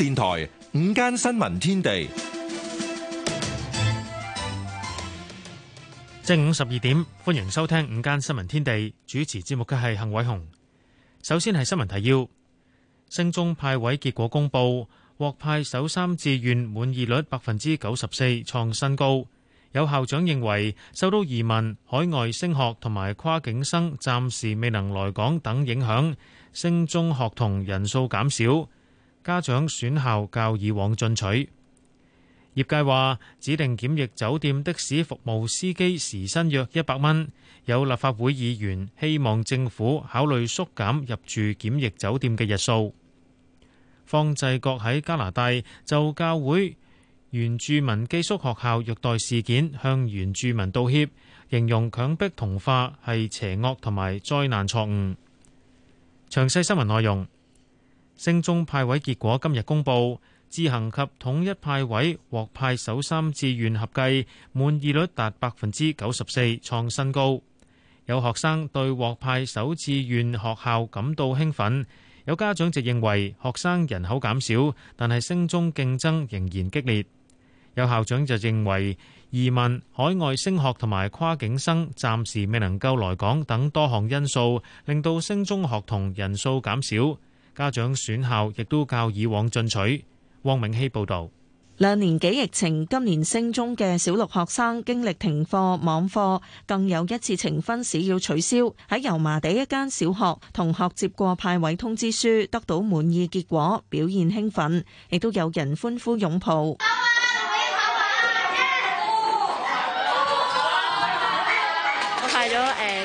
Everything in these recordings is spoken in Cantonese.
電台午間新聞天地，正午十二點，歡迎收聽午間新聞天地。主持節目嘅係幸偉雄。首先係新聞提要：升中派位結果公布，獲派首三志願滿意率百分之九十四，創新高。有校長認為，受到移民、海外升學同埋跨境生暫時未能來港等影響，升中學童人數減少。家長選校較以往進取，業界話指定檢疫酒店的士服務司機時薪約一百蚊。有立法會議員希望政府考慮縮減入住檢疫酒店嘅日數。方濟各喺加拿大就教會原住民寄宿學校虐待事件向原住民道歉，形容強迫同化係邪惡同埋災難錯誤。詳細新聞內容。升中派位結果今日公布，自行及統一派位獲派首三志願合計滿意率達百分之九十四，創新高。有學生對獲派首志願學校感到興奮，有家長就認為學生人口減少，但係升中競爭仍然激烈。有校長就認為移民、海外升學同埋跨境生暫時未能夠來港等多項因素，令到升中學童人數減少。家長選校亦都較以往進取。汪永希報導，兩年幾疫情，今年升中嘅小六學生經歷停課、網課，更有一次呈分試要取消。喺油麻地一間小學，同學接過派位通知書，得到滿意結果，表現興奮，亦都有人歡呼擁抱。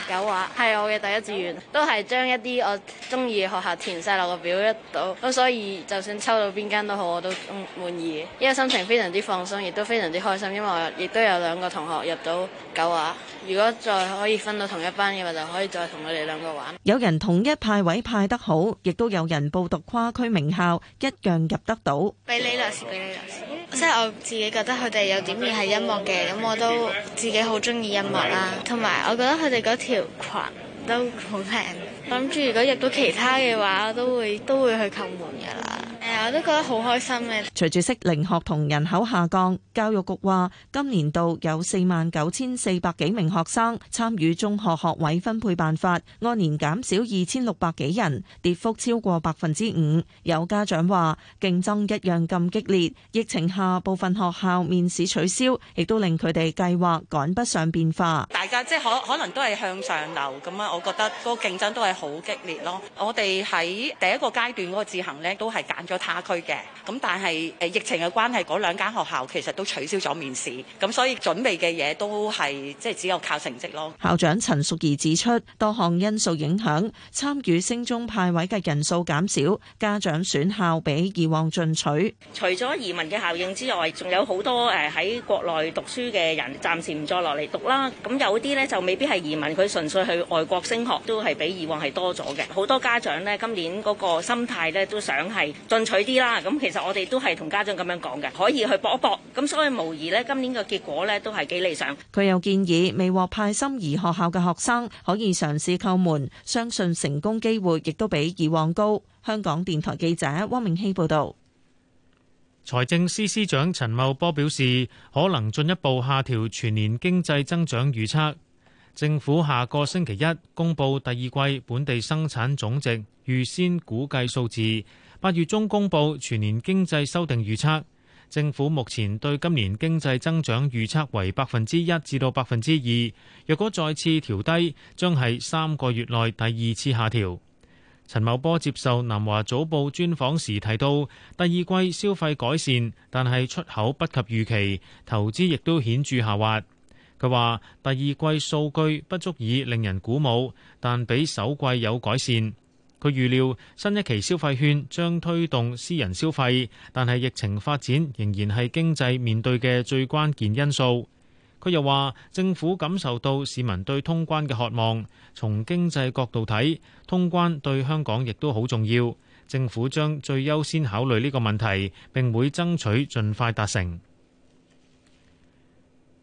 九華係我嘅第一志願，都係將一啲我中意嘅學校填晒落個表一到。咁，所以就算抽到邊間都好，我都滿意嘅，因為心情非常之放鬆，亦都非常之開心。因為我亦都有兩個同學入到九華，如果再可以分到同一班嘅話，就可以再同佢哋兩個玩。有人統一派位派得好，亦都有人報讀跨區名校一樣入得到。俾你啦，俾你啦。即係我自己覺得佢哋有點似係音樂嘅，咁、嗯、我都自己好中意音樂啦，啊，同埋我覺得佢哋條裙都好靚，諗住如果入到其他嘅話，我都會都會去叩門噶啦。我都覺得好開心嘅。隨住適齡學童人口下降，教育局話今年度有四萬九千四百幾名學生參與中學學位分配辦法，按年減少二千六百幾人，跌幅超過百分之五。有家長話競爭一樣咁激烈，疫情下部分學校面試取消，亦都令佢哋計劃趕不上變化。大家即係可可能都係向上流咁啊，我覺得嗰個競爭都係好激烈咯。我哋喺第一個階段嗰個自行呢，都係揀咗。跨區嘅，咁但係誒疫情嘅關係，嗰兩間學校其實都取消咗面試，咁所以準備嘅嘢都係即係只有靠成績咯。校長陳淑儀指出，多項因素影響參與升中派位嘅人數減少，家長選校比以往進取。除咗移民嘅效應之外，仲有好多誒喺國內讀書嘅人暫時唔再落嚟讀啦。咁有啲呢就未必係移民，佢純粹去外國升學都係比以往係多咗嘅。好多家長呢，今年嗰個心態呢都想係取啲啦，咁其實，我哋都係同家長咁樣講嘅，可以去搏一搏。咁所以無疑咧，今年嘅結果咧都係幾理想。佢又建議未獲派心儀學校嘅學生可以嘗試叩門，相信成功機會亦都比以往高。香港電台記者汪明熙報道。財政司司長陳茂波表示，可能進一步下調全年經濟增長預測。政府下個星期一公布第二季本地生產總值預先估計數字。八月中公布全年經濟修訂預測，政府目前對今年經濟增長預測為百分之一至到百分之二。若果再次調低，將係三個月內第二次下調。陳茂波接受南華早報專訪時提到，第二季消費改善，但係出口不及預期，投資亦都顯著下滑。佢話第二季數據不足以令人鼓舞，但比首季有改善。佢預料新一期消費券將推動私人消費，但係疫情發展仍然係經濟面對嘅最關鍵因素。佢又話，政府感受到市民對通關嘅渴望，從經濟角度睇，通關對香港亦都好重要。政府將最優先考慮呢個問題，並會爭取盡快達成。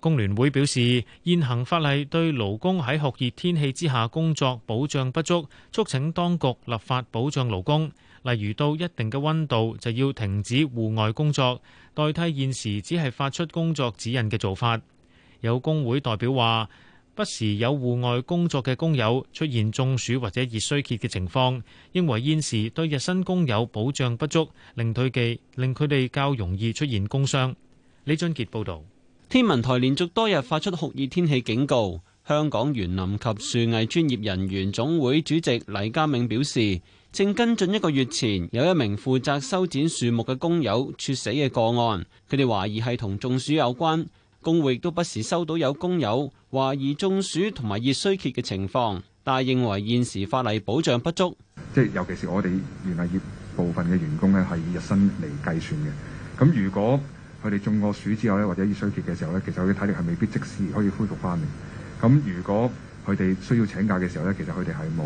工聯會表示，現行法例對勞工喺酷熱天氣之下工作保障不足，促請當局立法保障勞工，例如到一定嘅温度就要停止戶外工作，代替現時只係發出工作指引嘅做法。有工會代表話，不時有戶外工作嘅工友出現中暑或者熱衰竭嘅情況，認為現時對日薪工友保障不足，令退記，令佢哋較容易出現工傷。李俊傑報導。天文台連續多日發出酷熱天氣警告。香港園林及樹藝專業人員總會主席黎家明表示，正跟進一個月前有一名負責修剪樹木嘅工友猝死嘅個案，佢哋懷疑係同中暑有關。工會都不時收到有工友懷疑中暑同埋熱衰竭嘅情況，但係認為現時法例保障不足。即係尤其是我哋園林業部分嘅員工呢係以日薪嚟計算嘅。咁如果佢哋中過暑之後咧，或者熱衰竭嘅時候咧，其實佢嘅體力係未必即時可以恢復翻嘅。咁如果佢哋需要請假嘅時候咧，其實佢哋係冇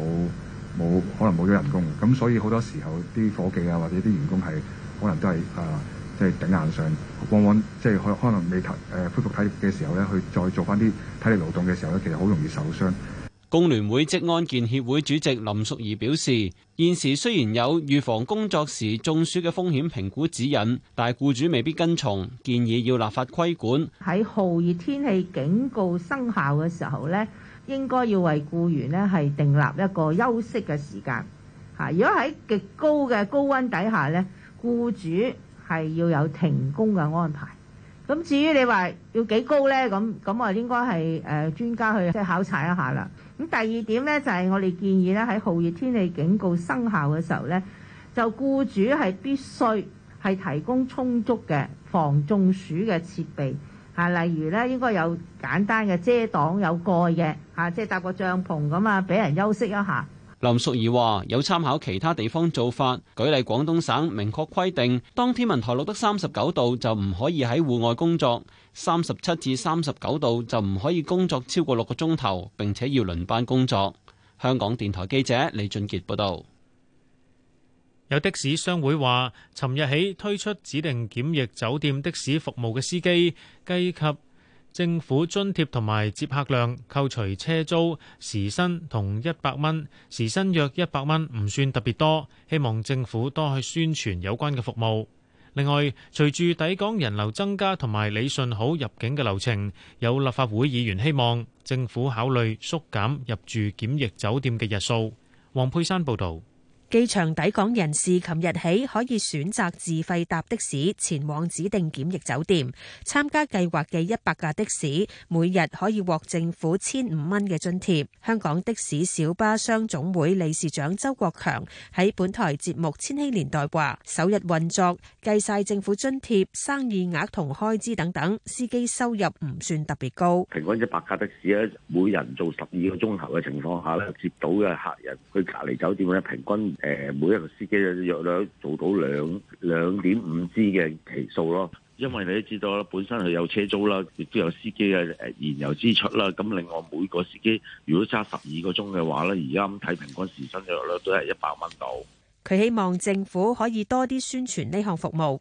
冇可能冇咗人工嘅。咁所以好多時候啲伙計啊，或者啲員工係可能都係啊，即、呃、係、即係、頂硬上，往往即係可可能未及、呃、恢復體力嘅時候咧，去再做翻啲體力勞動嘅時候咧，其實好容易受傷。工聯會職安健協會主席林淑儀表示，現時雖然有預防工作時中暑嘅風險評估指引，但係僱主未必跟從，建議要立法規管。喺酷熱天氣警告生效嘅時候呢，應該要為僱員呢係訂立一個休息嘅時間。嚇，如果喺極高嘅高溫底下呢，僱主係要有停工嘅安排。咁至於你話要幾高咧？咁咁啊，應該係誒專家去即係考察一下啦。咁第二點咧就係、是、我哋建議咧喺酷熱天氣警告生效嘅時候咧，就僱主係必須係提供充足嘅防中暑嘅設備，嚇、啊、例如咧應該有簡單嘅遮擋有蓋嘅嚇，即係搭個帳篷咁啊，俾人休息一下。林淑儀話：有參考其他地方做法，舉例廣東省明確規定，當天文台錄得三十九度就唔可以喺戶外工作；三十七至三十九度就唔可以工作超過六個鐘頭，並且要輪班工作。香港電台記者李俊傑報道。有的士商會話，尋日起推出指定檢疫酒店的士服務嘅司機，計及。政府津貼同埋接客量扣除車租時薪同一百蚊，時薪約一百蚊，唔算特別多。希望政府多去宣傳有關嘅服務。另外，隨住抵港人流增加同埋理順好入境嘅流程，有立法會議員希望政府考慮縮減入住檢疫酒店嘅日數。黃佩珊報導。機場抵港人士，琴日起可以選擇自費搭的士前往指定檢疫酒店參加計劃嘅一百架的士，每日可以獲政府千五蚊嘅津貼。香港的士小巴商總會理事長周國強喺本台節目《千禧年代》話：首日運作計晒政府津貼、生意額同開支等等，司機收入唔算特別高。平均一百架的士，每人做十二個鐘頭嘅情況下，接到嘅客人去隔離酒店咧，平均。誒，每一個司機嘅，約略做到兩兩點五支嘅期數咯，因為你都知道啦，本身係有車租啦，亦都有司機嘅，誒，燃油支出啦。咁另外每個司機如果揸十二個鐘嘅話咧，而家咁睇平均時薪嘅話都係一百蚊度。佢希望政府可以多啲宣傳呢項服務。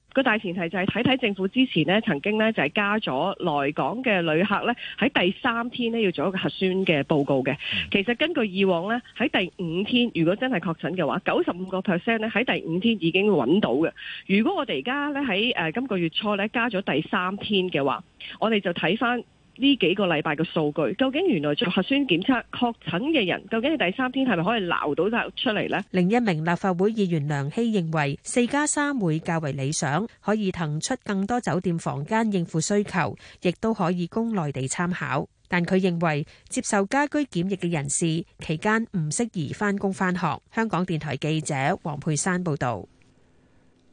個大前提就係睇睇政府之前咧，曾經咧就係加咗來港嘅旅客咧，喺第三天咧要做一個核酸嘅報告嘅。其實根據以往咧，喺第五天如果真係確診嘅話，九十五個 percent 咧喺第五天已經揾到嘅。如果我哋而家咧喺誒今個月初咧加咗第三天嘅話，我哋就睇翻。呢幾個禮拜嘅數據，究竟原來做核酸檢測確診嘅人究竟係第三天係咪可以撈到出嚟呢？另一名立法會議員梁希認為四加三會較為理想，可以騰出更多酒店房間應付需求，亦都可以供內地參考。但佢認為接受家居檢疫嘅人士期間唔適宜返工返學。香港電台記者黃佩珊報道。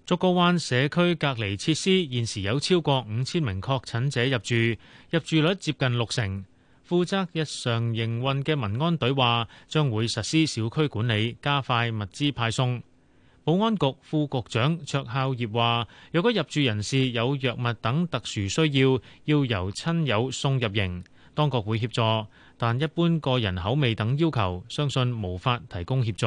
竹篙灣社區隔離設施現時有超過五千名確診者入住，入住率接近六成。負責日常營運嘅民安隊話，將會實施小區管理，加快物資派送。保安局副局長卓孝業話，若果入住人士有藥物等特殊需要，要由親友送入營，當局會協助，但一般個人口味等要求，相信無法提供協助。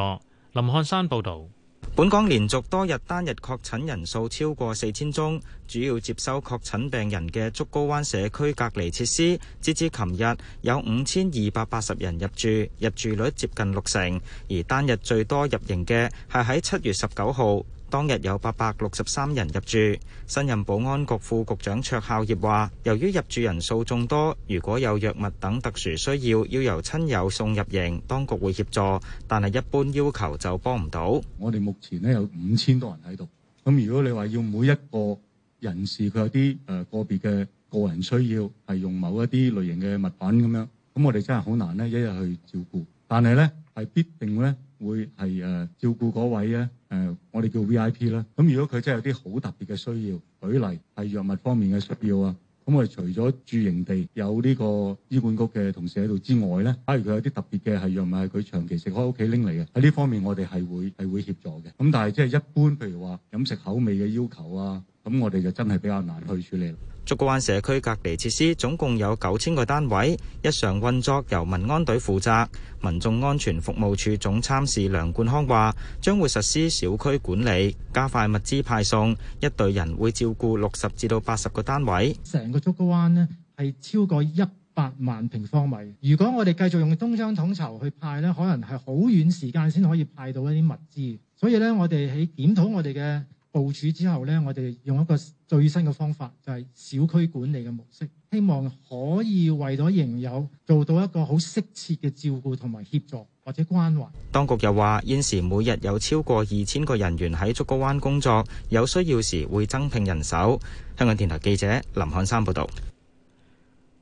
林漢山報導。本港連續多日單日確診人數超過四千宗，主要接收確診病人嘅竹篙灣社區隔離設施，截至琴日有五千二百八十人入住，入住率接近六成，而單日最多入營嘅係喺七月十九號。當日有八百六十三人入住。新任保安局副局長卓孝業話，由於入住人數眾多，如果有藥物等特殊需要，要由親友送入營，當局會協助，但係一般要求就幫唔到。我哋目前呢有五千多人喺度，咁如果你話要每一個人士佢有啲誒個別嘅個人需要，係用某一啲類型嘅物品咁樣，咁我哋真係好難呢一日去照顧。但係呢，係必定呢。會係誒、呃、照顧嗰位咧，誒、呃、我哋叫 V I P 啦。咁如果佢真係有啲好特別嘅需要，舉例係藥物方面嘅需要啊，咁我哋除咗住營地有呢個醫管局嘅同事喺度之外咧，假如佢有啲特別嘅係藥物係佢長期食開屋企拎嚟嘅，喺呢方面我哋係會係會協助嘅。咁但係即係一般譬如話飲食口味嘅要求啊。咁我哋就真係比較難去處理。竹篙灣社區隔離設施總共有九千個單位，日常運作由民安隊負責。民眾安全服務處總參事梁冠康話，將會實施小區管理，加快物資派送。一隊人會照顧六十至到八十個單位。成個竹篙灣呢係超過一百萬平方米。如果我哋繼續用東張統籌去派咧，可能係好遠時間先可以派到一啲物資。所以咧，我哋喺檢討我哋嘅。部署之後呢，我哋用一個最新嘅方法，就係小區管理嘅模式，希望可以為咗營友做到一個好適切嘅照顧同埋協助或者關懷。當局又話，現時每日有超過二千個人員喺竹篙灣工作，有需要時會增聘人手。香港電台記者林漢山報道。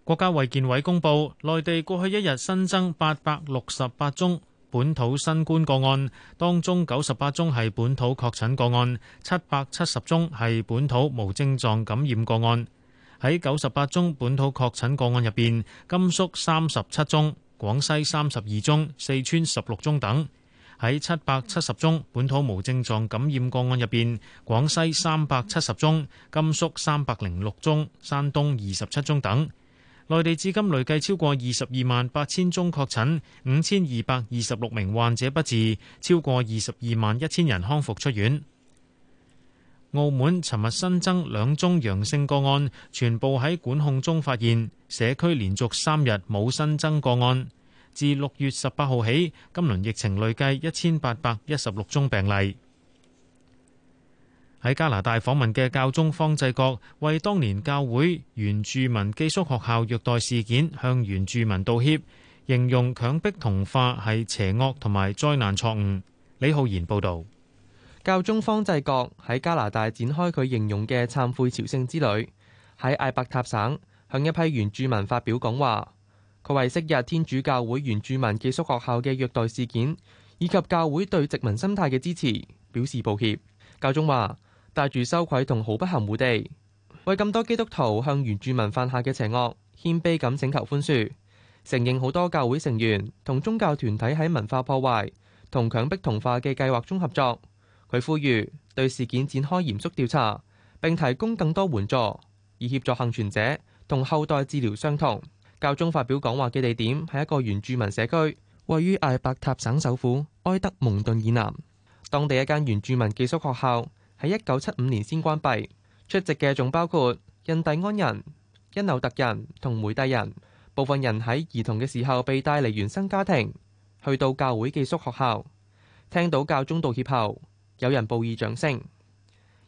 國家衛健委公佈，內地過去一日新增八百六十八宗本土新冠個案當中，九十八宗係本土確診個案，七百七十宗係本土無症狀感染個案。喺九十八宗本土確診個案入邊，甘肅三十七宗，廣西三十二宗，四川十六宗等；喺七百七十宗本土無症狀感染個案入邊，廣西三百七十宗，甘肅三百零六宗，山東二十七宗等。內地至今累計超過二十二萬八千宗確診，五千二百二十六名患者不治，超過二十二萬一千人康復出院。澳門尋日新增兩宗陽性個案，全部喺管控中發現，社區連續三日冇新增個案。自六月十八號起，今輪疫情累計一千八百一十六宗病例。喺加拿大訪問嘅教宗方濟各，為當年教會原住民寄宿學校虐待事件向原住民道歉，形容強迫同化係邪惡同埋災難錯誤。李浩然報導，教宗方濟各喺加拿大展開佢形容嘅懺悔朝聖之旅，喺艾伯塔省向一批原住民發表講話，佢為昔日天主教會原住民寄宿學校嘅虐待事件以及教會對殖民心態嘅支持表示抱歉。教宗話。帶住羞愧同毫不含糊地為咁多基督徒向原住民犯下嘅邪惡，謙卑咁請求寬恕，承認好多教會成員同宗教團體喺文化破壞同強迫同化嘅計劃中合作。佢呼籲對事件展開嚴肅調查，並提供更多援助，以協助幸存者同後代治療傷痛。教宗發表講話嘅地點係一個原住民社區，位於艾伯塔省首府埃德蒙頓以南，當地一間原住民寄宿學校。喺一九七五年先關閉。出席嘅仲包括印第安人、因紐特人同梅蒂人。部分人喺兒童嘅時候被帶離原生家庭，去到教會寄宿學校，聽到教宗道歉後，有人報以掌聲。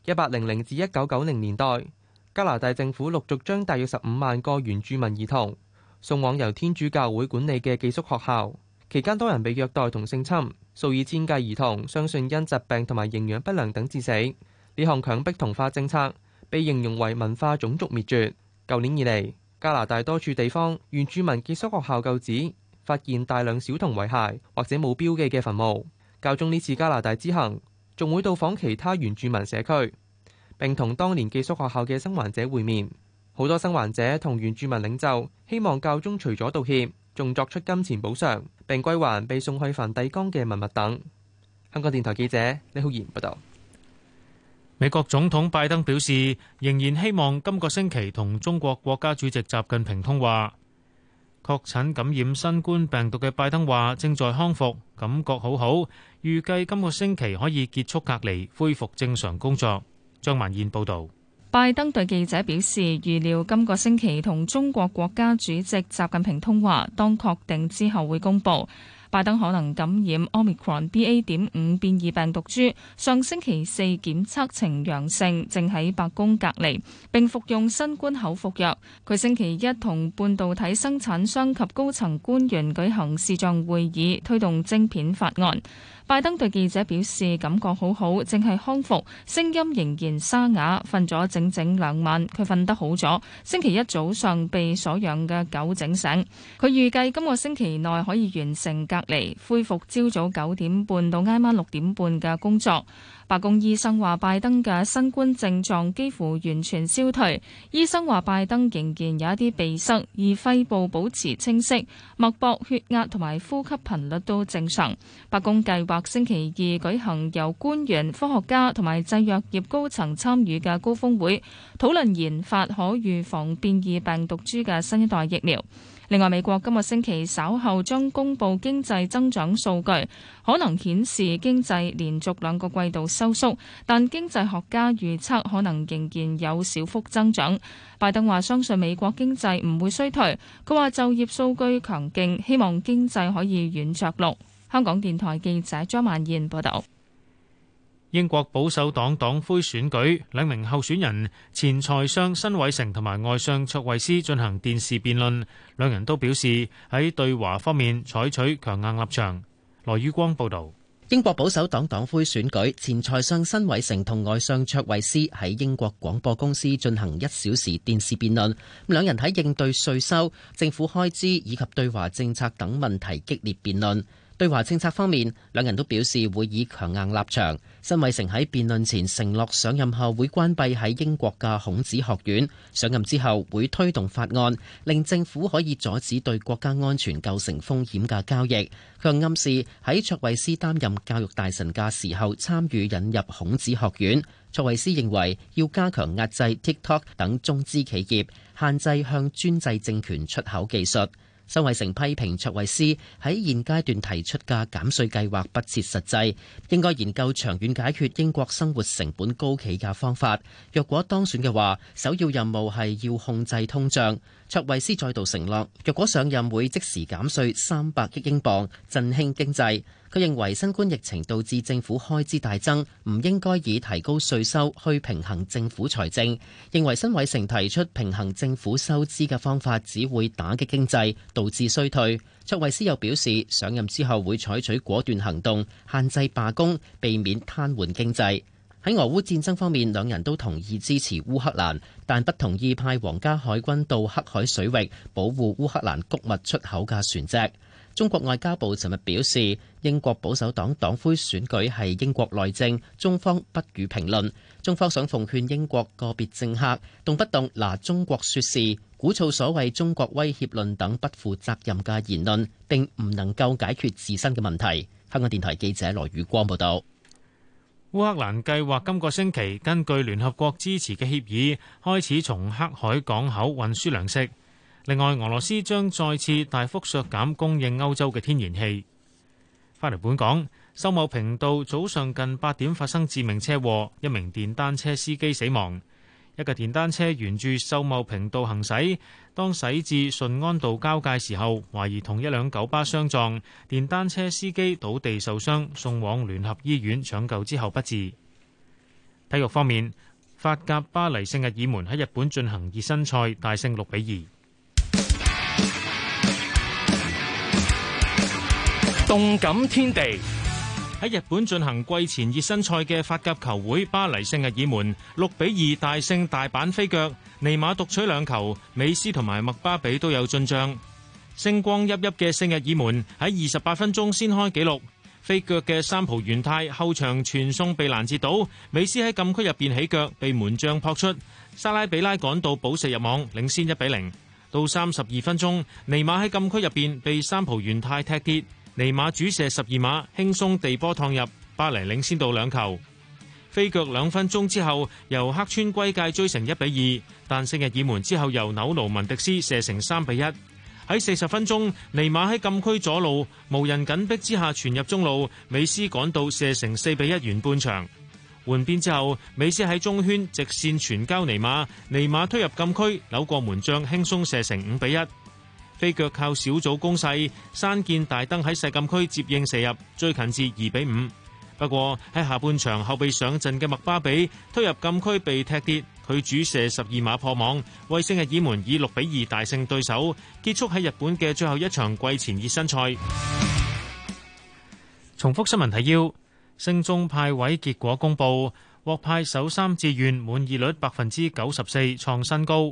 一八零零至一九九零年代，加拿大政府陸續將大約十五萬個原住民兒童送往由天主教會管理嘅寄宿學校，期間多人被虐待同性侵。數以千計兒童相信因疾病同埋營養不良等致死。呢項強迫同化政策被形容為文化種族滅絕。舊年以嚟，加拿大多處地方原住民寄宿學校舊址發現大量小童遺骸或者冇標記嘅墳墓。教宗呢次加拿大之行，仲會到訪其他原住民社區，並同當年寄宿學校嘅生還者會面。好多生還者同原住民領袖希望教宗除咗道歉，仲作出金錢補償並歸還被送去梵蒂岡嘅文物等。香港電台記者李浩然報道。美國總統拜登表示，仍然希望今個星期同中國國家主席習近平通話。確診感染新冠病毒嘅拜登話，正在康復，感覺好好，預計今個星期可以結束隔離，恢復正常工作。張曼燕報道。拜登對記者表示，預料今個星期同中國國家主席習近平通話，當確定之後會公佈。拜登可能感染 Omicron BA. 點五變異病毒株，上星期四檢測呈陽性，正喺白宮隔離，並服用新冠口服藥。佢星期一同半導體生產商及高層官員舉行視像會議，推動晶片法案。拜登對記者表示感覺好好，正係康復，聲音仍然沙啞。瞓咗整整兩晚，佢瞓得好咗。星期一早上被所養嘅狗整醒，佢預計今個星期內可以完成隔離，恢復朝早九點半到挨晚六點半嘅工作。白宮醫生話拜登嘅新冠症狀幾乎完全消退。醫生話拜登仍然有一啲鼻塞，而肺部保持清晰，脈搏、血壓同埋呼吸頻率都正常。白宮計劃星期二舉行由官員、科學家同埋製藥業高層參與嘅高峰會，討論研發可預防變異病毒株嘅新一代疫苗。另外，美國今個星期稍後將公佈經濟增長數據，可能顯示經濟連續兩個季度收縮，但經濟學家預測可能仍然有小幅增長。拜登話相信美國經濟唔會衰退，佢話就業數據強勁，希望經濟可以軟着陸。香港電台記者張萬燕報道。英國保守黨黨魁選舉兩名候選人，前財相辛偉成同埋外相卓慧思進行電視辯論，兩人都表示喺對華方面採取強硬立場。羅宇光報道。英國保守黨黨魁選舉，前財相辛偉成同外相卓慧思喺英國廣播公司進行一小時電視辯論，咁兩人喺應對稅收、政府開支以及對華政策等問題激烈辯論。對華政策方面，兩人都表示會以強硬立場。辛偉誠喺辯論前承諾上任後會關閉喺英國嘅孔子學院，上任之後會推動法案，令政府可以阻止對國家安全構成風險嘅交易。佢暗示喺卓慧思擔任教育大臣嘅時候參與引入孔子學院。卓慧思認為要加強壓制 TikTok 等中資企業，限制向專制政權出口技術。辛偉誠批評卓慧斯喺現階段提出嘅減稅計劃不切實際，應該研究長遠解決英國生活成本高企嘅方法。若果當選嘅話，首要任務係要控制通脹。卓慧斯再度承諾，若果上任會即時減稅三百億英鎊，振興經濟。佢認為新冠疫情導致政府開支大增，唔應該以提高稅收去平衡政府財政。認為辛偉誠提出平衡政府收支嘅方法，只會打擊經濟，導致衰退。卓慧思又表示，上任之後會採取果斷行動，限制罷工，避免癱瘓經濟。喺俄烏戰爭方面，兩人都同意支持烏克蘭，但不同意派皇家海軍到黑海水域保護烏克蘭谷物出口嘅船隻。中國外交部尋日表示，英國保守黨黨魁選舉係英國內政，中方不予評論。中方想奉勸英國個別政客，動不動拿中國說事，鼓噪所謂中國威脅論等不負責任嘅言論，並唔能夠解決自身嘅問題。香港電台記者羅宇光報道。烏克蘭計劃今個星期，根據聯合國支持嘅協議，開始從黑海港口運輸糧食。另外，俄羅斯將再次大幅削減供應歐洲嘅天然氣。翻嚟本港，秀茂坪道早上近八點發生致命車禍，一名電單車司機死亡。一架電單車沿住秀茂坪道行駛，當駛至順安道交界時候，懷疑同一輛九巴相撞，電單車司機倒地受傷，送往聯合醫院搶救之後不治。體育方面，法甲巴黎聖日耳門喺日本進行熱身賽，大勝六比二。動感天地，喺日本進行季前熱身賽嘅法甲球會巴黎聖日耳門六比二大勝大阪飛腳，尼馬獨取兩球，美斯同埋麥巴比都有進賬。星光熠熠嘅聖日耳門喺二十八分鐘先開紀錄，飛腳嘅三浦元泰後場傳送被攔截到，美斯喺禁區入邊起腳被門將撲出，沙拉比拉趕到補射入網，領先一比零。到三十二分鐘，尼馬喺禁區入邊被三浦元泰踢跌。尼馬主射十二碼，輕鬆地波趟入，巴黎領先到兩球。飛腳兩分鐘之後，由黑川圭介追成一比二，但聖日耳門之後由紐勞文迪斯射成三比一。喺四十分鐘，尼馬喺禁區左路無人緊逼之下傳入中路，美斯趕到射成四比一完半場。換邊之後，美斯喺中圈直線傳交尼馬，尼馬推入禁區扭過門將，輕鬆射成五比一。飛腳靠小組攻勢，山健大燈喺石禁區接應射入，追近至二比五。不過喺下半場後備上陣嘅麥巴比推入禁區被踢跌，佢主射十二碼破網，為聖日耳門以六比二大勝對手，結束喺日本嘅最後一場季前熱身賽。重複新聞提要：升中派位結果公布，獲派首三志願滿意率百分之九十四，創新高。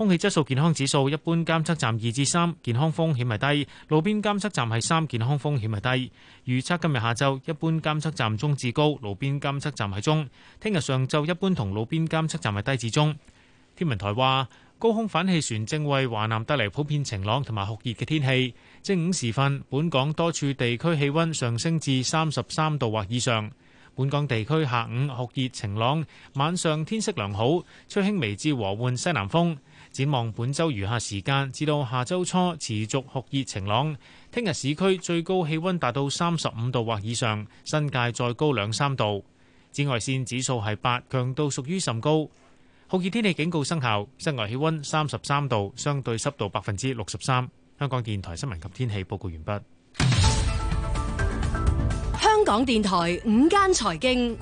空氣質素健康指數，一般監測站二至三，健康風險係低；路邊監測站係三，健康風險係低。預測今日下晝，一般監測站中至高，路邊監測站係中。聽日上晝，一般同路邊監測站係低至中。天文台話，高空反氣旋正為華南帶嚟普遍晴朗同埋酷熱嘅天氣。正午時分，本港多處地區氣溫上升至三十三度或以上。本港地區下午酷，酷熱晴，晴朗，晚上天色良好，吹輕微至和緩西南風。展望本周餘下時間至到下周初持續酷熱晴朗，聽日市區最高氣溫達到三十五度或以上，新界再高兩三度。紫外線指數係八，強度屬於甚高。酷熱天氣警告生效，室外氣溫三十三度，相對濕度百分之六十三。香港電台新聞及天氣報告完畢。香港電台午間財經。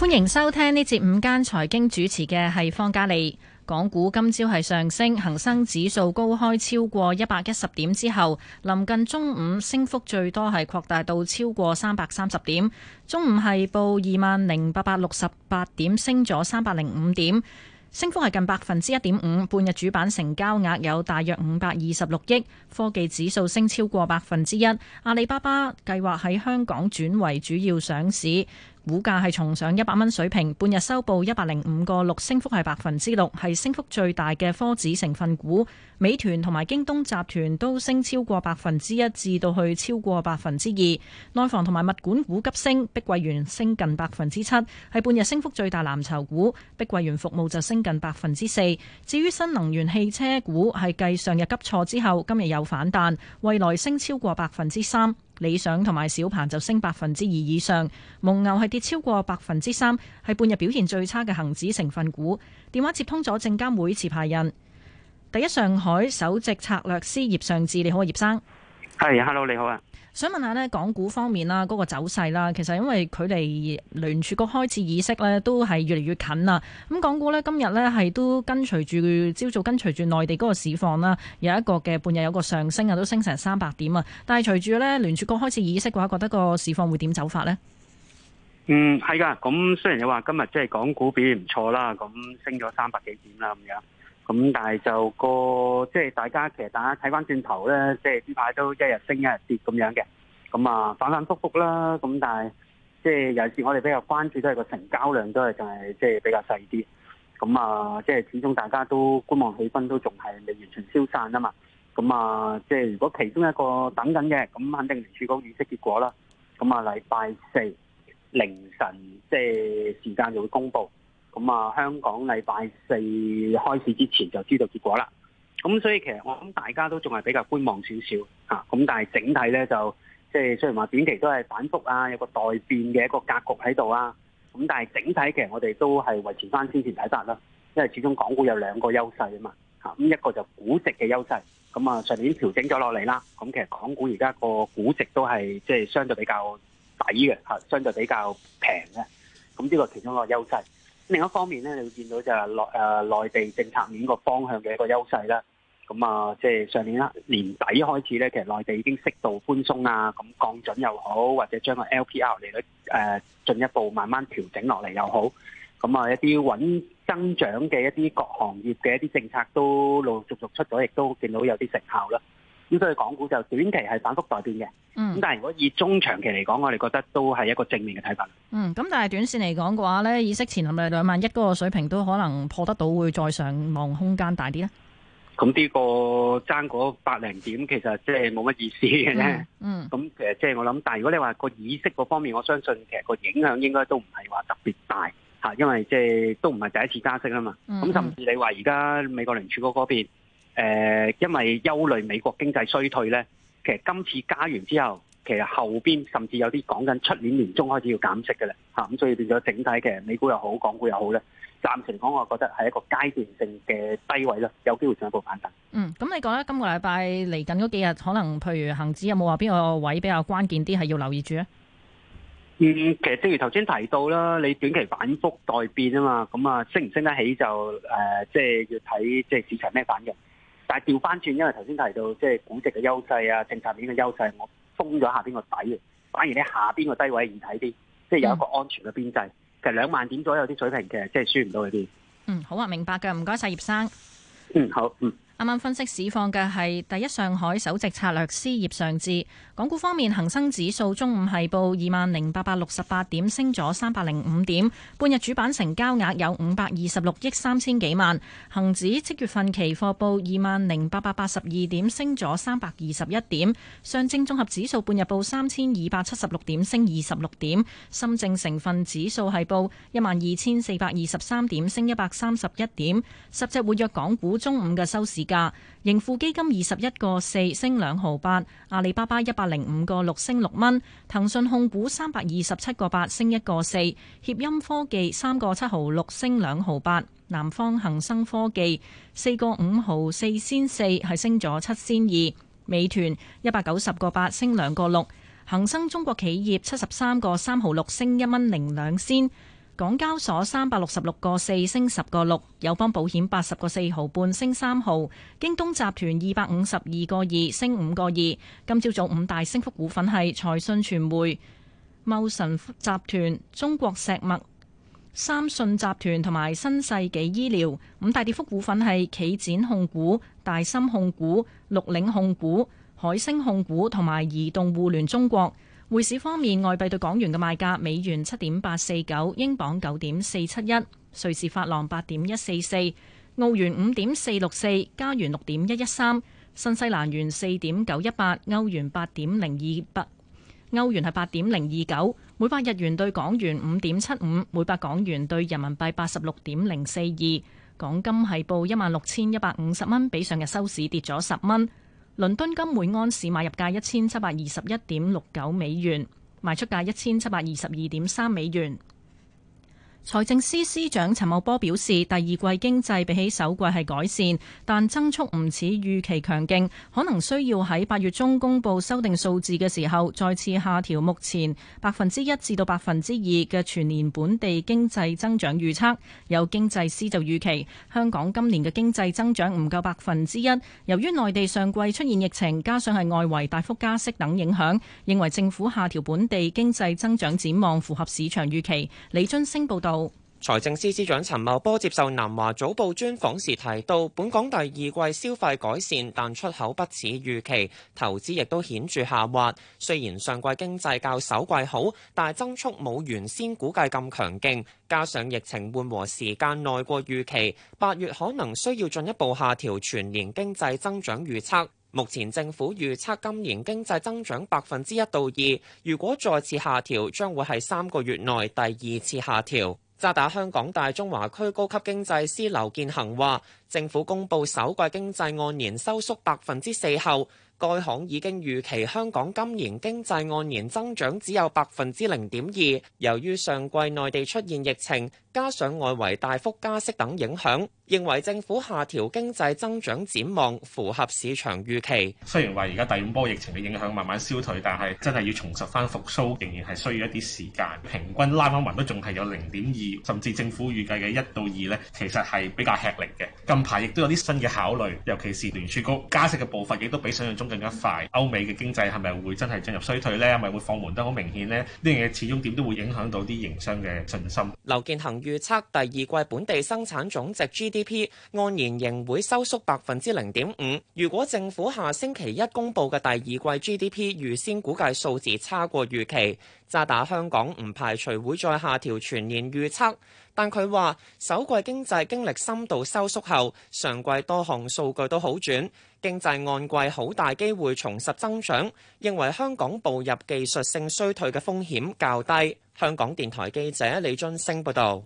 歡迎收聽呢節午間財經，主持嘅係方嘉利。港股今朝係上升，恒生指數高開超過一百一十點之後，臨近中午升幅最多係擴大到超過三百三十點。中午係報二萬零八百六十八點，升咗三百零五點，升幅係近百分之一點五。半日主板成交額有大約五百二十六億，科技指數升超過百分之一。阿里巴巴計劃喺香港轉為主要上市。股價係重上一百蚊水平，半日收報一百零五個六，升幅係百分之六，係升幅最大嘅科指成分股。美團同埋京東集團都升超過百分之一，至到去超過百分之二。內房同埋物管股急升，碧桂園升近百分之七，係半日升幅最大藍籌股。碧桂園服務就升近百分之四。至於新能源汽車股係繼上日急挫之後，今日有反彈，蔚來升超過百分之三。理想同埋小鵬就升百分之二以上，蒙牛係跌超過百分之三，係半日表現最差嘅恒指成分股。電話接通咗證監會持牌人，第一上海首席策略師葉尚志，你好，葉生。係，hey, hello，你好啊。想問下呢，港股方面啦，嗰、嗰個走勢啦，其實因為距離聯儲局開始議息呢都係越嚟越近啦。咁港股呢，今日呢係都跟隨住朝早跟隨住內地嗰個市況啦，有一個嘅半日有個上升啊，都升成三百點啊。但係隨住呢聯儲局開始議息嘅話，覺得個市況會點走法呢？嗯，係㗎。咁雖然你話今日即係港股表現唔錯啦，咁升咗三百幾點啦咁樣。咁、嗯、但係就個即係大家其實大家睇翻轉頭咧，即係呢排都一日升一日跌咁樣嘅，咁、嗯、啊反反覆覆啦。咁、嗯、但係即係有時我哋比較關注都係個成交量都係就係、是、即係比較細啲。咁、嗯、啊，即係始終大家都觀望氣氛都仲係未完全消散啊嘛。咁、嗯、啊，即係如果其中一個等緊嘅，咁、嗯、肯定聯儲局議息結果啦。咁、嗯、啊，禮拜四凌晨即係時間就會公佈。咁啊、嗯，香港禮拜四開市之前就知道結果啦。咁所以其實我諗大家都仲係比較觀望少少嚇。咁、啊、但係整體咧就即係雖然話短期都係反覆啊，有個待變嘅一個格局喺度啊。咁但係整體其實我哋都係維持翻先前睇法啦。因為始終港股有兩個優勢嘛啊嘛嚇。咁一個就估值嘅優勢。咁啊，上年調整咗落嚟啦。咁、啊、其實港股而家個估值都係即係相對比較抵嘅嚇，相對比較平嘅。咁呢個其中一個優勢。另一方面咧，你會見到就係內誒內地政策面個方向嘅一個優勢啦。咁啊，即係上年年底開始咧，其實內地已經適度寬鬆啊，咁降準又好，或者將個 LPR 利率誒進一步慢慢調整落嚟又好。咁啊，一啲穩增長嘅一啲各行業嘅一啲政策都陸陸續續出咗，亦都見到有啲成效啦。咁所以港股就短期係反覆待變嘅，咁、嗯、但係如果以中長期嚟講，我哋覺得都係一個正面嘅睇法。嗯，咁但係短線嚟講嘅話咧，議息前咁嘅兩萬一嗰個水平都可能破得到，會再上望空間大啲咧。咁呢個爭嗰百零點，其實即係冇乜意思嘅咧。嗯。咁其實即係我諗，但係如果你話個議息嗰方面，我相信其實個影響應該都唔係話特別大嚇，因為即係都唔係第一次加息啦嘛。咁、嗯嗯、甚至你話而家美國聯儲局嗰邊。誒，因為憂慮美國經濟衰退咧，其實今次加完之後，其實後邊甚至有啲講緊出年年中開始要減息嘅咧，吓咁所以變咗整體嘅美股又好，港股又好咧，暫時講我覺得係一個階段性嘅低位啦，有機會進一步反彈、嗯。嗯，咁你講咧，今個禮拜嚟緊嗰幾日，可能譬如恒指有冇話邊個位比較關鍵啲，係要留意住啊？嗯，其實正如頭先提到啦，你短期反復待變啊嘛，咁、嗯、啊升唔升得起就誒，即、呃、係要睇即係市場咩反應。但係調翻轉，因為頭先提到即係估值嘅優勢啊，政策面嘅優勢，我封咗下邊個底，反而你下邊個低位易睇啲，即係有一個安全嘅邊際，嗯、其實兩萬點左右啲水平嘅，即係輸唔到嗰啲。嗯，好啊，明白嘅，唔該晒葉生。嗯，好，嗯。啱啱分析市況嘅係第一上海首席策略師葉尚志。港股方面，恒生指數中午係報二萬零八百六十八點，升咗三百零五點。半日主板成交額有五百二十六億三千幾萬。恒指七月份期貨報二萬零八百八十二點，升咗三百二十一點。上證綜合指數半日報三千二百七十六點，升二十六點。深證成分指數係報一萬二千四百二十三點，升一百三十一點。十隻活躍港股中午嘅收市。價盈富基金二十一個四升兩毫八，阿里巴巴一百零五個六升六蚊，騰訊控股三百二十七個八升一個四，協鑫科技三個七毫六升兩毫八，南方恒生科技四個五毫四仙四係升咗七仙二，美團一百九十個八升兩個六，恒生中國企業七十三個三毫六升一蚊零兩仙。 港交所三百六十六個四升十個六，友邦保險八十個四毫半升三毫，京東集團二百五十二個二升五個二。今朝早五大升幅股份係財信傳媒、茂臣集團、中國石墨、三信集團同埋新世紀醫療。五大跌幅股份係企展控股、大森控股、綠嶺控股、海星控股同埋移動互聯中國。匯市方面，外幣對港元嘅賣價：美元七點八四九，英鎊九點四七一，瑞士法郎八點一四四，澳元五點四六四，加元六點一一三，新西蘭元四點九一八，歐元八點零二八，歐元係八點零二九。每百日元對港元五點七五，每百港元對人民幣八十六點零四二。港金係報一萬六千一百五十蚊，比上日收市跌咗十蚊。倫敦金每安士買入價一千七百二十一點六九美元，賣出價一千七百二十二點三美元。財政司司長陳茂波表示，第二季經濟比起首季係改善，但增速唔似預期強勁，可能需要喺八月中公布修訂數字嘅時候，再次下調目前百分之一至到百分之二嘅全年本地經濟增長預測。有經濟師就預期香港今年嘅經濟增長唔夠百分之一，由於內地上季出現疫情，加上係外圍大幅加息等影響，認為政府下調本地經濟增長展望符合市場預期。李津星報道。財政司司長陳茂波接受南華早報專訪時提到，本港第二季消費改善，但出口不似預期，投資亦都顯著下滑。雖然上季經濟較首季好，但增速冇原先估計咁強勁，加上疫情緩和時間耐過預期，八月可能需要進一步下調全年經濟增長預測。目前政府預測今年經濟增長百分之一到二，如果再次下調，將會係三個月內第二次下調。渣打香港大中華區高級經濟師劉建恒話，政府公布首季經濟按年收縮百分之四後，該行已經預期香港今年經濟按年增長只有百分之零點二，由於上季內地出現疫情，加上外圍大幅加息等影響。認為政府下調經濟增長展望符合市場預期。雖然話而家第五波疫情嘅影響慢慢消退，但係真係要重拾翻復甦，仍然係需要一啲時間。平均拉翻勻都仲係有零點二，甚至政府預計嘅一到二呢，其實係比較吃力嘅。近排亦都有啲新嘅考慮，尤其是聯儲局加息嘅步伐亦都比想象中更加快。歐美嘅經濟係咪會真係進入衰退呢？係咪會放緩得好明顯呢？呢樣嘢始終點都會影響到啲營商嘅信心。劉建恒預測第二季本地生產總值 GDP GDP 按年仍會收縮百分之零點五。如果政府下星期一公布嘅第二季 GDP 預先估計數字差過預期，渣打香港唔排除會再下調全年預測。但佢話首季經濟經歷深度收縮後，上季多項數據都好轉，經濟按季好大機會重拾增長，認為香港步入技術性衰退嘅風險較低。香港電台記者李津升報道。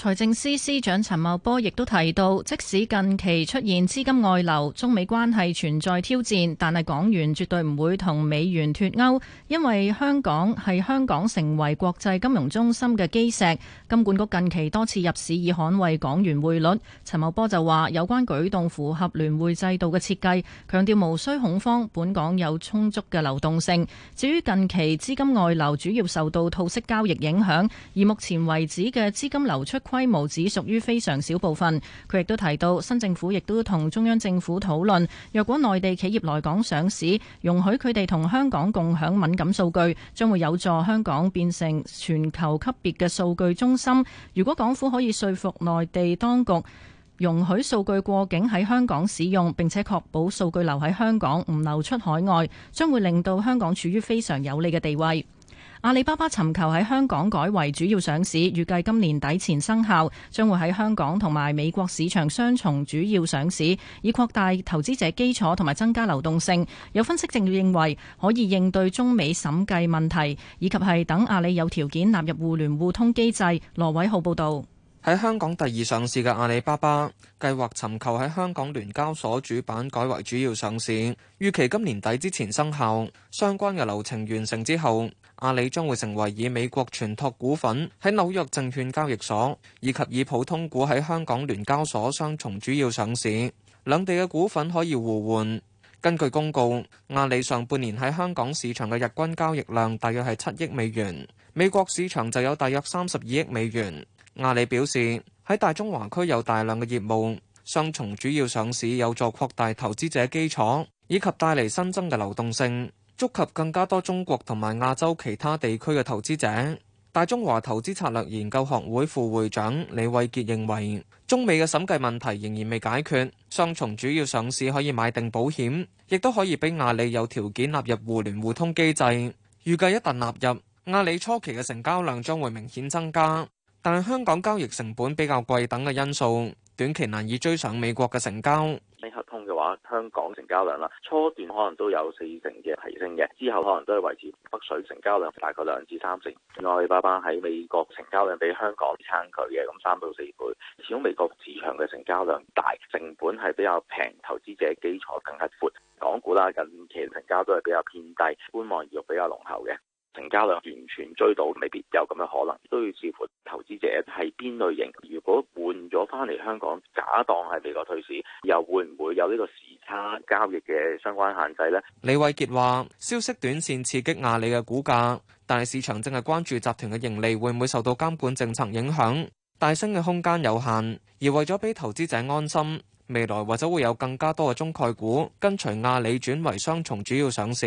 財政司司長陳茂波亦都提到，即使近期出現資金外流、中美關係存在挑戰，但係港元絕對唔會同美元脫鉤，因為香港係香港成為國際金融中心嘅基石。金管局近期多次入市以捍衛港元匯率。陳茂波就話：有關舉動符合聯匯制度嘅設計，強調無需恐慌，本港有充足嘅流動性。至於近期資金外流主要受到套息交易影響，而目前為止嘅資金流出，規模只屬於非常小部分。佢亦都提到，新政府亦都同中央政府討論，若果內地企業來港上市，容許佢哋同香港共享敏感數據，將會有助香港變成全球級別嘅數據中心。如果港府可以說服內地當局容許數據過境喺香港使用，並且確保數據留喺香港，唔流出海外，將會令到香港處於非常有利嘅地位。阿里巴巴尋求喺香港改為主要上市，預計今年底前生效，將會喺香港同埋美國市場雙重主要上市，以擴大投資者基礎同埋增加流動性。有分析正認為可以應對中美審計問題，以及係等阿里有條件納入互聯互通機制。羅偉浩報導。喺香港第二上市嘅阿里巴巴計劃尋求喺香港聯交所主板改為主要上市，預期今年底之前生效。相關嘅流程完成之後，阿里將會成為以美國存託股份喺紐約證券交易所，以及以普通股喺香港聯交所雙重主要上市，兩地嘅股份可以互換。根據公告，阿里上半年喺香港市場嘅日均交易量大約係七億美元，美國市場就有大約三十二億美元。阿里表示喺大中華區有大量嘅業務，雙重主要上市有助擴大投資者基礎，以及帶嚟新增嘅流動性，觸及更加多中國同埋亞洲其他地區嘅投資者。大中華投資策略研究學會副會長李偉傑認為，中美嘅審計問題仍然未解決，雙重主要上市可以買定保險，亦都可以俾阿里有條件納入互聯互通機制。預計一旦納入，阿里初期嘅成交量將會明顯增加。但係香港交易成本比較貴等嘅因素，短期難以追上美國嘅成交。拎合通嘅話， 香港成交量啦，初段可能都有四成嘅提升嘅，之後可能都係維持北水成交量大概兩至三成。阿里巴巴喺美國成交量比香港撐佢嘅，咁三到四倍。始終美國市場嘅成交量大，成本係比較平，投資者基礎更加闊。港股啦，近期成交都係比較偏低，觀望意欲比較濃厚嘅。成交量完全追到，未必有咁嘅可能。都要視乎投資者係邊類型。如果換咗翻嚟香港，假當係美國退市，又會唔會有呢個時差交易嘅相關限制咧？李偉傑話，消息短線刺激阿里嘅股價，但係市場正係關注集團嘅盈利會唔會受到監管政策影響，大升嘅空間有限。而為咗俾投資者安心，未來或者會有更加多嘅中概股跟隨阿里轉為雙重主要上市。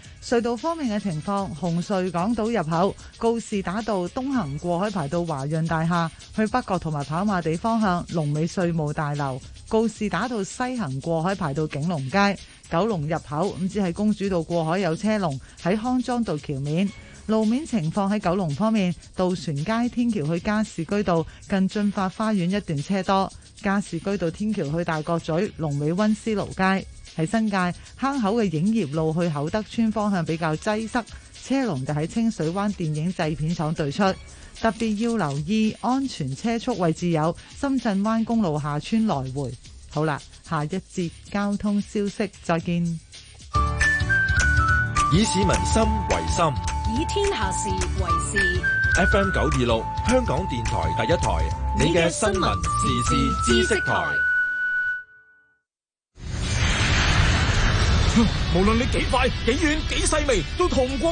隧道方面嘅情況，紅隧港島入口告士打道東行過海排到華潤大廈，去北角同埋跑馬地方向龍尾稅務大樓；告士打道西行過海排到景隆街，九龍入口唔知喺公主道過海有車龍，喺康莊道橋面。路面情況喺九龍方面，渡船街天橋去加士居道近駿發花園一段車多，加士居道天橋去大角咀龍尾溫思勞街。喺新界坑口嘅影業路去厚德村方向比較擠塞，車龍就喺清水灣電影製片廠對出。特別要留意安全車速位置，有深圳灣公路下村來回。好啦，下一節交通消息，再見。以市民心為心，以天下事為事。FM 九二六，香港電台第一台，你嘅新聞時事知識台。哼，無論你幾快、幾遠、幾細微，都同過。